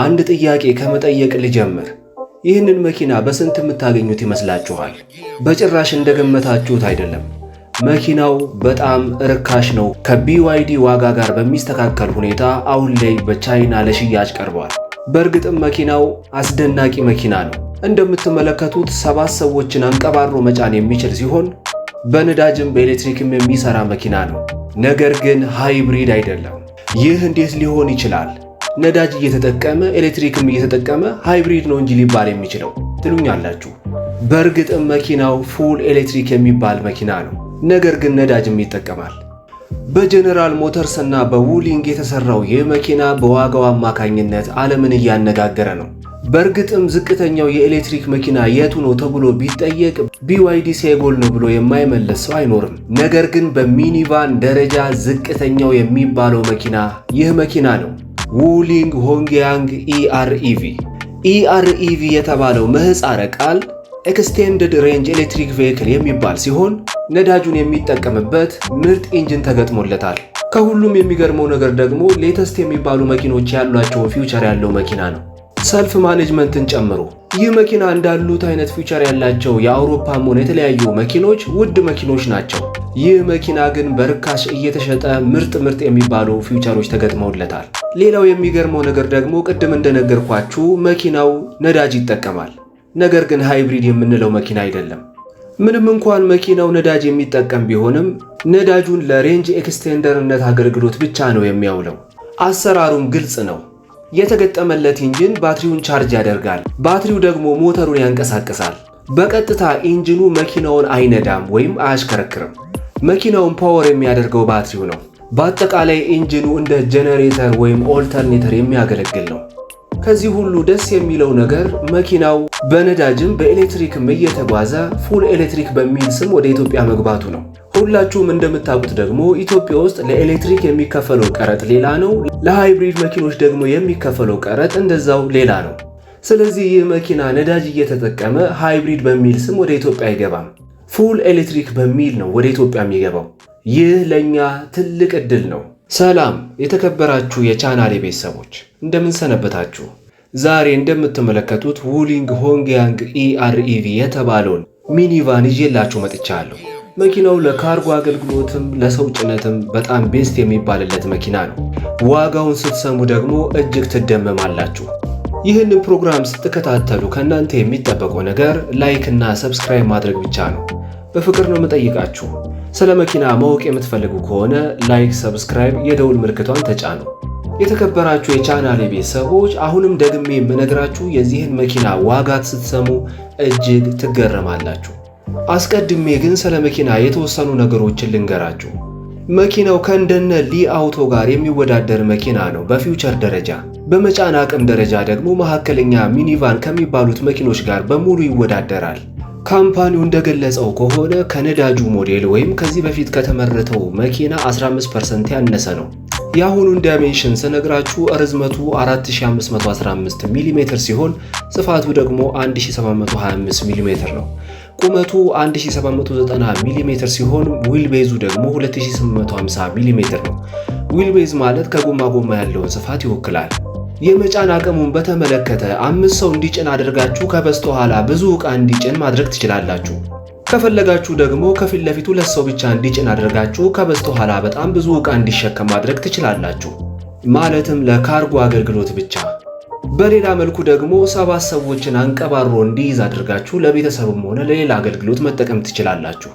አንድ ጥያቄ ከመጠየቅ ልጀምር። ይህንን መኪና በስንት የምታገኙት ይመስላችኋል? በጭራሽ እንደገመታችሁት አይደለም። መኪናው በጣም ርካሽ ነው። ከቢዋይዲ ዋጋ ጋር በሚስተካከል ሁኔታ አሁን ላይ በቻይና ለሽያጭ ቀርቧል። በእርግጥም መኪናው አስደናቂ መኪና ነው። እንደምትመለከቱት ሰባት ሰዎችን አንቀባሮ መጫን የሚችል ሲሆን በነዳጅም በኤሌክትሪክም የሚሰራ መኪና ነው። ነገር ግን ሃይብሪድ አይደለም። ይህ እንዴት ሊሆን ይችላል? ነዳጅ እየተጠቀመ ኤሌክትሪክም እየተጠቀመ ሃይብሪድ ነው እንጂ ሊባል የሚችለው ትሉኛላችሁ። በእርግጥም መኪናው ፉል ኤሌክትሪክ የሚባል መኪና ነው፣ ነገር ግን ነዳጅም ይጠቀማል። በጀነራል ሞተርስ እና በውሊንግ የተሰራው ይህ መኪና በዋጋው አማካኝነት ዓለምን እያነጋገረ ነው። በእርግጥም ዝቅተኛው የኤሌክትሪክ መኪና የቱ ነው ተብሎ ቢጠየቅ ቢዋይዲ ሴጎል ነው ብሎ የማይመለስ ሰው አይኖርም። ነገር ግን በሚኒቫን ደረጃ ዝቅተኛው የሚባለው መኪና ይህ መኪና ነው። ውሊንግ ሆንግያንግ ኢአርኢቪ e ኢአርኢቪ e e የተባለው ምህፃረ ቃል ኤክስቴንድድ ሬንጅ ኤሌክትሪክ ቬሂክል የሚባል ሲሆን ነዳጁን የሚጠቀምበት ምርጥ ኢንጂን ተገጥሞለታል። ከሁሉም የሚገርመው ነገር ደግሞ ሌተስት የሚባሉ መኪኖች ያሏቸውን ፊውቸር ያለው መኪና ነው፣ ሰልፍ ማኔጅመንትን ጨምሮ። ይህ መኪና እንዳሉት አይነት ፊውቸር ያላቸው የአውሮፓም ሆነ የተለያዩ መኪኖች ውድ መኪኖች ናቸው። ይህ መኪና ግን በርካሽ እየተሸጠ ምርጥ ምርጥ የሚባሉ ፊውቸሮች ተገጥመውለታል። ሌላው የሚገርመው ነገር ደግሞ ቅድም እንደነገርኳችሁ መኪናው ነዳጅ ይጠቀማል። ነገር ግን ሃይብሪድ የምንለው መኪና አይደለም። ምንም እንኳን መኪናው ነዳጅ የሚጠቀም ቢሆንም ነዳጁን ለሬንጅ ኤክስቴንደርነት አገልግሎት ብቻ ነው የሚያውለው። አሰራሩም ግልጽ ነው። የተገጠመለት ኢንጂን ባትሪውን ቻርጅ ያደርጋል። ባትሪው ደግሞ ሞተሩን ያንቀሳቅሳል። በቀጥታ ኢንጂኑ መኪናውን አይነዳም ወይም አያሽከረክርም። መኪናውን ፓወር የሚያደርገው ባትሪው ነው። በአጠቃላይ ኢንጂኑ እንደ ጄኔሬተር ወይም ኦልተርኔተር የሚያገለግል ነው። ከዚህ ሁሉ ደስ የሚለው ነገር መኪናው በነዳጅም በኤሌክትሪክም እየተጓዘ ፉል ኤሌክትሪክ በሚል ስም ወደ ኢትዮጵያ መግባቱ ነው። ሁላችሁም እንደምታውቁት ደግሞ ኢትዮጵያ ውስጥ ለኤሌክትሪክ የሚከፈለው ቀረጥ ሌላ ነው፣ ለሃይብሪድ መኪኖች ደግሞ የሚከፈለው ቀረጥ እንደዛው ሌላ ነው። ስለዚህ ይህ መኪና ነዳጅ እየተጠቀመ ሃይብሪድ በሚል ስም ወደ ኢትዮጵያ አይገባም። ፉል ኤሌክትሪክ በሚል ነው ወደ ኢትዮጵያ የሚገባው። ይህ ለእኛ ትልቅ እድል ነው። ሰላም የተከበራችሁ የቻናሌ ቤተሰቦች እንደምን ሰነበታችሁ? ዛሬ እንደምትመለከቱት ውሊንግ ሆንግያንግ ኢአርኢቪ e e የተባለውን ሚኒቫን ይዤላችሁ መጥቻለሁ። መኪናው ለካርጎ አገልግሎትም ለሰው ጭነትም በጣም ቤስት የሚባልለት መኪና ነው። ዋጋውን ስትሰሙ ደግሞ እጅግ ትደመማላችሁ። ይህንን ፕሮግራም ስትከታተሉ ከእናንተ የሚጠበቀው ነገር ላይክ እና ሰብስክራይብ ማድረግ ብቻ ነው። በፍቅር ነው የምጠይቃችሁ። ስለ መኪና ማወቅ የምትፈልጉ ከሆነ ላይክ፣ ሰብስክራይብ፣ የደውል ምልክቷን ተጫኑ። የተከበራችሁ የቻናሌ ቤተሰቦች አሁንም ደግሜ የምነግራችሁ የዚህን መኪና ዋጋት ስትሰሙ እጅግ ትገረማላችሁ። አስቀድሜ ግን ስለ መኪና የተወሰኑ ነገሮችን ልንገራችሁ። መኪናው ከእንደነ ሊ አውቶ ጋር የሚወዳደር መኪና ነው በፊውቸር ደረጃ። በመጫን አቅም ደረጃ ደግሞ መካከለኛ ሚኒቫን ከሚባሉት መኪኖች ጋር በሙሉ ይወዳደራል። ካምፓኒው እንደገለጸው ከሆነ ከነዳጁ ሞዴል ወይም ከዚህ በፊት ከተመረተው መኪና 15% ያነሰ ነው። የአሁኑን ዳይሜንሽን ስነግራችሁ ርዝመቱ 4515 ሚሜ ሲሆን ስፋቱ ደግሞ 1725 ሚሜ ነው። ቁመቱ 1790 ሚሜ ሲሆን ዊል ቤዙ ደግሞ 2850 ሚሜ ነው። ዊል ቤዝ ማለት ከጎማ ጎማ ያለውን ስፋት ይወክላል። የመጫን አቅሙን በተመለከተ አምስት ሰው እንዲጭን አድርጋችሁ ከበስተኋላ ብዙ ዕቃ እንዲጭን ማድረግ ትችላላችሁ። ከፈለጋችሁ ደግሞ ከፊት ለፊት ሁለት ሰው ብቻ እንዲጭን አድርጋችሁ ከበስተኋላ በጣም ብዙ ዕቃ እንዲሸከም ማድረግ ትችላላችሁ። ማለትም ለካርጎ አገልግሎት ብቻ። በሌላ መልኩ ደግሞ ሰባት ሰዎችን አንቀባሮ እንዲይዝ አድርጋችሁ ለቤተሰብም ሆነ ለሌላ አገልግሎት መጠቀም ትችላላችሁ።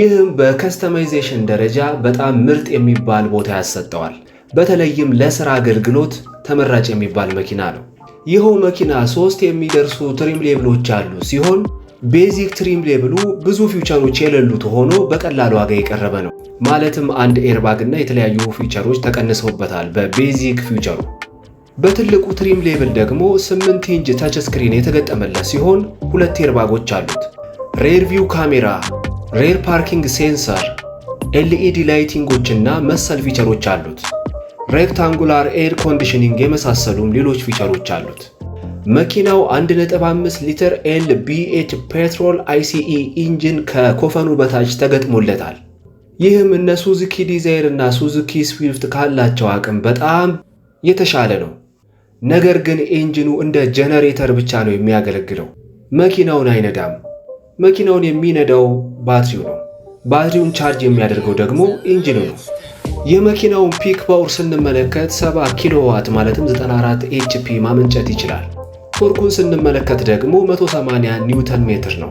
ይህም በከስተማይዜሽን ደረጃ በጣም ምርጥ የሚባል ቦታ ያሰጠዋል። በተለይም ለስራ አገልግሎት ተመራጭ የሚባል መኪና ነው። ይኸው መኪና ሶስት የሚደርሱ ትሪም ሌብሎች ያሉ ሲሆን ቤዚክ ትሪም ሌብሉ ብዙ ፊውቸሮች የሌሉት ሆኖ በቀላል ዋጋ የቀረበ ነው። ማለትም አንድ ኤርባግ እና የተለያዩ ፊውቸሮች ተቀንሰውበታል በቤዚክ ፊውቸሩ። በትልቁ ትሪም ሌብል ደግሞ 8 ኢንች ታች ስክሪን የተገጠመለት ሲሆን ሁለት ኤርባጎች አሉት። ሬር ቪው ካሜራ፣ ሬር ፓርኪንግ ሴንሰር፣ ኤልኢዲ ላይቲንጎች እና መሰል ፊቸሮች አሉት። ሬክታንጉላር ኤር ኮንዲሽኒንግ የመሳሰሉም ሌሎች ፊቸሮች አሉት። መኪናው 1.5 ሊትር ኤልቢኤች ፔትሮል አይሲኢ ኢንጂን ከኮፈኑ በታች ተገጥሞለታል። ይህም እነ ሱዙኪ ዲዛይር እና ሱዙኪ ስዊፍት ካላቸው አቅም በጣም የተሻለ ነው። ነገር ግን ኢንጂኑ እንደ ጀነሬተር ብቻ ነው የሚያገለግለው። መኪናውን አይነዳም። መኪናውን የሚነዳው ባትሪው ነው። ባትሪውን ቻርጅ የሚያደርገው ደግሞ ኢንጂኑ ነው። የመኪናውን ፒክ ፓወር ስንመለከት 70 ኪሎዋት ማለትም 94 ኤችፒ ማመንጨት ይችላል። ቶርኩን ስንመለከት ደግሞ 180 ኒውተን ሜትር ነው።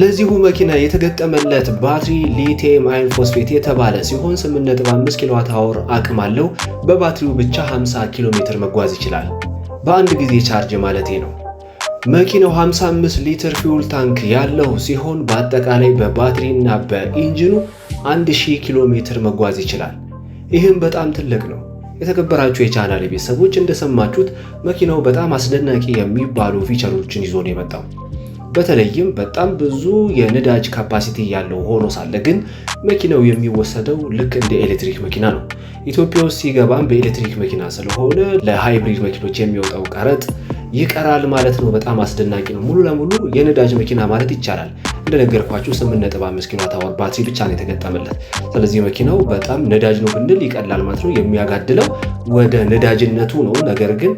ለዚሁ መኪና የተገጠመለት ባትሪ ሊቲየም አይን ፎስፌት የተባለ ሲሆን 8.5 ኪሎዋት አወር አቅም አለው። በባትሪው ብቻ 50 ኪሎ ሜትር መጓዝ ይችላል። በአንድ ጊዜ ቻርጅ ማለቴ ነው። መኪናው 55 ሊትር ፊውል ታንክ ያለው ሲሆን በአጠቃላይ በባትሪ እና በኢንጂኑ 1000 ኪሎ ሜትር መጓዝ ይችላል። ይህም በጣም ትልቅ ነው። የተከበራችሁ የቻናል ቤተሰቦች እንደሰማችሁት መኪናው በጣም አስደናቂ የሚባሉ ፊቸሮችን ይዞ ነው የመጣው። በተለይም በጣም ብዙ የነዳጅ ካፓሲቲ ያለው ሆኖ ሳለ ግን መኪናው የሚወሰደው ልክ እንደ ኤሌክትሪክ መኪና ነው። ኢትዮጵያ ውስጥ ሲገባም በኤሌክትሪክ መኪና ስለሆነ ለሃይብሪድ መኪኖች የሚወጣው ቀረጥ ይቀራል ማለት ነው። በጣም አስደናቂ ነው። ሙሉ ለሙሉ የነዳጅ መኪና ማለት ይቻላል። እንደነገርኳችሁ 8.5 ነጥብ አምስት ኪሎ ዋት ባትሪ ብቻ ነው የተገጠመለት። ስለዚህ መኪናው በጣም ነዳጅ ነው ብንል ይቀላል ማለት ነው። የሚያጋድለው ወደ ነዳጅነቱ ነው። ነገር ግን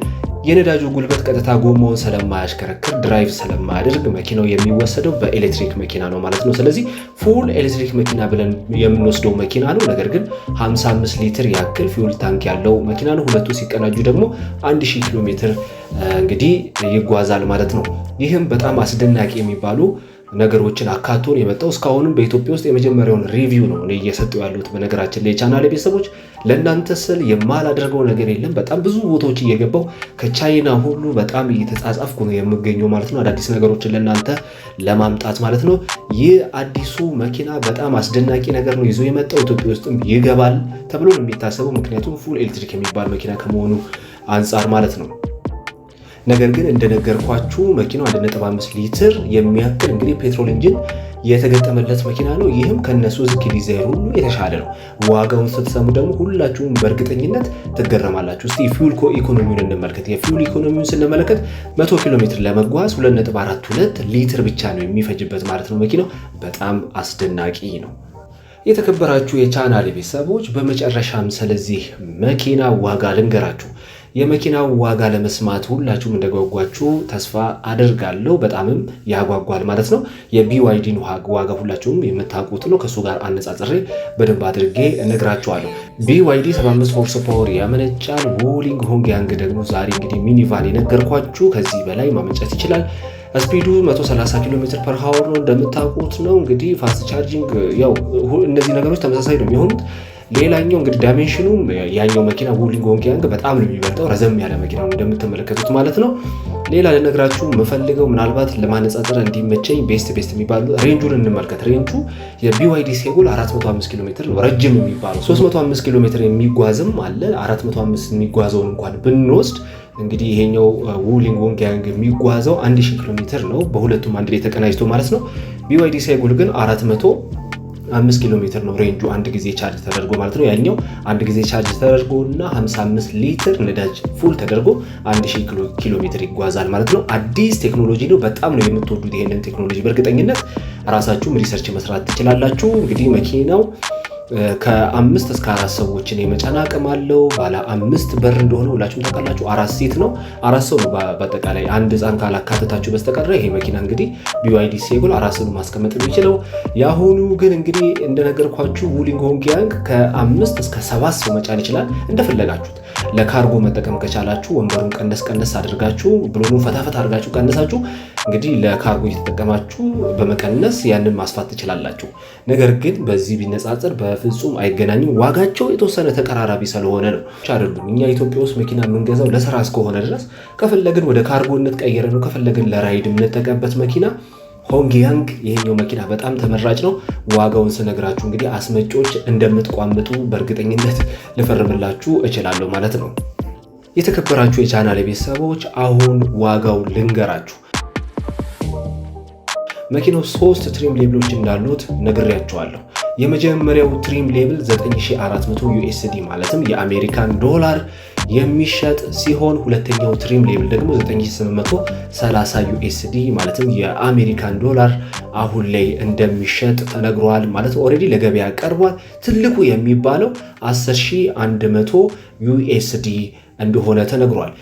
የነዳጁ ጉልበት ቀጥታ ጎማውን ስለማያሽከረክር ድራይቭ ስለማያደርግ መኪናው የሚወሰደው በኤሌክትሪክ መኪና ነው ማለት ነው። ስለዚህ ፉል ኤሌክትሪክ መኪና ብለን የምንወስደው መኪና ነው። ነገር ግን 55 ሊትር ያክል ፊውል ታንክ ያለው መኪና ነው። ሁለቱ ሲቀናጁ ደግሞ 1000 ኪሎ ሜትር እንግዲህ ይጓዛል ማለት ነው። ይህም በጣም አስደናቂ የሚባሉ ነገሮችን አካቶን የመጣው እስካሁንም በኢትዮጵያ ውስጥ የመጀመሪያውን ሪቪው ነው እኔ እየሰጡ ያሉት። በነገራችን ላይ ቻናል ቤተሰቦች ለእናንተ ስል የማላደርገው ነገር የለም። በጣም ብዙ ቦታዎች እየገባው ከቻይና ሁሉ በጣም እየተጻጻፍኩ ነው የምገኘው ማለት ነው፣ አዳዲስ ነገሮችን ለእናንተ ለማምጣት ማለት ነው። ይህ አዲሱ መኪና በጣም አስደናቂ ነገር ነው ይዞ የመጣው ኢትዮጵያ ውስጥም ይገባል ተብሎ ነው የሚታሰበው፣ ምክንያቱም ፉል ኤሌክትሪክ የሚባል መኪና ከመሆኑ አንጻር ማለት ነው። ነገር ግን እንደነገርኳችሁ መኪናው 1.5 ሊትር የሚያክል እንግዲህ ፔትሮል ኢንጂን የተገጠመለት መኪና ነው። ይህም ከነሱ ዝኪ ዲዛይን ሁሉ የተሻለ ነው። ዋጋውን ስትሰሙ ደግሞ ሁላችሁም በእርግጠኝነት ትገረማላችሁ። እስቲ ፊውል ኢኮኖሚውን እንመልከት። የፊውል ኢኮኖሚውን ስንመለከት 100 ኪሎ ሜትር ለመጓዝ 2.42 ሊትር ብቻ ነው የሚፈጅበት ማለት ነው። መኪናው በጣም አስደናቂ ነው። የተከበራችሁ የቻናል ቤተሰቦች በመጨረሻም ስለዚህ መኪና ዋጋ ልንገራችሁ። የመኪናው ዋጋ ለመስማት ሁላችሁም እንደጓጓችሁ ተስፋ አደርጋለሁ። በጣምም ያጓጓል ማለት ነው። የቢዋይዲን ዋጋ ሁላችሁም የምታውቁት ነው። ከእሱ ጋር አነጻጽሬ በደንብ አድርጌ እነግራችኋለሁ። ቢዋይዲ 75 ሆርስ ፓወር ያመነጫል። ዎሊንግ ሆንግያንግ ደግሞ ዛሬ እንግዲህ ሚኒቫን የነገርኳችሁ ከዚህ በላይ ማመንጨት ይችላል። ስፒዱ 130 ኪሎ ሜትር ፐር ሀወር ነው እንደምታውቁት ነው። እንግዲህ ፋስት ቻርጂንግ ያው እነዚህ ነገሮች ተመሳሳይ ነው የሚሆኑት ሌላኛው እንግዲህ ዳይሜንሽኑ ያኛው መኪና ውሊንግ ወንኪያንግ በጣም ነው የሚበልጠው። ረዘም ያለ መኪና ነው እንደምትመለከቱት ማለት ነው። ሌላ ልነግራችሁ የምፈልገው ምናልባት ለማነጻጸር እንዲመቸኝ ቤስት ቤስት የሚባሉ ሬንጁን እንመልከት። ሬንጁ የቢዋይዲ ሴጉል 405 ኪሎ ሜትር ነው ረጅም የሚባለው 305 ኪሎ ሜትር የሚጓዝም አለ። 405 የሚጓዘውን እንኳን ብንወስድ እንግዲህ ይሄኛው ውሊንግ ወንግያንግ የሚጓዘው 1000 ኪሎ ሜትር ነው። በሁለቱም አንድ ላይ ተቀናጅቶ ማለት ነው። ቢዋይዲ ሴጉል ግን 400 አምስት ኪሎ ሜትር ነው ሬንጁ አንድ ጊዜ ቻርጅ ተደርጎ ማለት ነው። ያኛው አንድ ጊዜ ቻርጅ ተደርጎ እና 55 ሊትር ነዳጅ ፉል ተደርጎ 1000 ኪሎ ሜትር ይጓዛል ማለት ነው። አዲስ ቴክኖሎጂ ነው። በጣም ነው የምትወዱት ይሄንን ቴክኖሎጂ በእርግጠኝነት ራሳችሁም ሪሰርች መስራት ትችላላችሁ። እንግዲህ መኪናው ከአምስት እስከ አራት ሰዎችን የመጫን አቅም አለው። ባለ አምስት በር እንደሆነ ሁላችሁም ታውቃላችሁ። አራት ሴት ነው፣ አራት ሰው ነው በአጠቃላይ አንድ ህፃን ካላካተታችሁ በስተቀረ ይሄ መኪና እንግዲህ ቢዋይዲ ሴጎል አራት ሰው ማስቀመጥ የሚችለው የአሁኑ ግን እንግዲህ እንደነገርኳችሁ ውሊንግ ሆንግ ያንግ ከአምስት እስከ ሰባት ሰው መጫን ይችላል እንደፈለጋችሁት። ለካርጎ መጠቀም ከቻላችሁ ወንበሩን ቀነስ ቀነስ አድርጋችሁ ብሎኑን ፈታፈት አድርጋችሁ ቀነሳችሁ እንግዲህ ለካርጎ እየተጠቀማችሁ በመቀነስ ያንን ማስፋት ትችላላችሁ። ነገር ግን በዚህ ቢነጻጸር በፍጹም አይገናኝም። ዋጋቸው የተወሰነ ተቀራራቢ ስለሆነ ነው አይደሉም። እኛ ኢትዮጵያ ውስጥ መኪና የምንገዛው ለስራ እስከሆነ ድረስ ከፈለግን ወደ ካርጎነት ቀየረ ነው ከፈለግን ለራይድ የምንጠቀምበት መኪና ሆንግያንግ ይሄኛው መኪና በጣም ተመራጭ ነው። ዋጋውን ስነግራችሁ እንግዲህ አስመጪዎች እንደምትቋምጡ በእርግጠኝነት ልፈርምላችሁ እችላለሁ ማለት ነው። የተከበራችሁ የቻናል ቤተሰቦች አሁን ዋጋው ልንገራችሁ። መኪናው ሶስት ትሪም ሌብሎች እንዳሉት ነግሬያቸዋለሁ። የመጀመሪያው ትሪም ሌብል 9400 ዩኤስዲ ማለትም የአሜሪካን ዶላር የሚሸጥ ሲሆን ሁለተኛው ትሪም ሌብል ደግሞ 9830 ዩኤስዲ ማለትም የአሜሪካን ዶላር አሁን ላይ እንደሚሸጥ ተነግሯል። ማለት ኦልሬዲ ለገበያ ቀርቧል። ትልቁ የሚባለው 10100 ዩኤስዲ እንደሆነ ተነግሯል።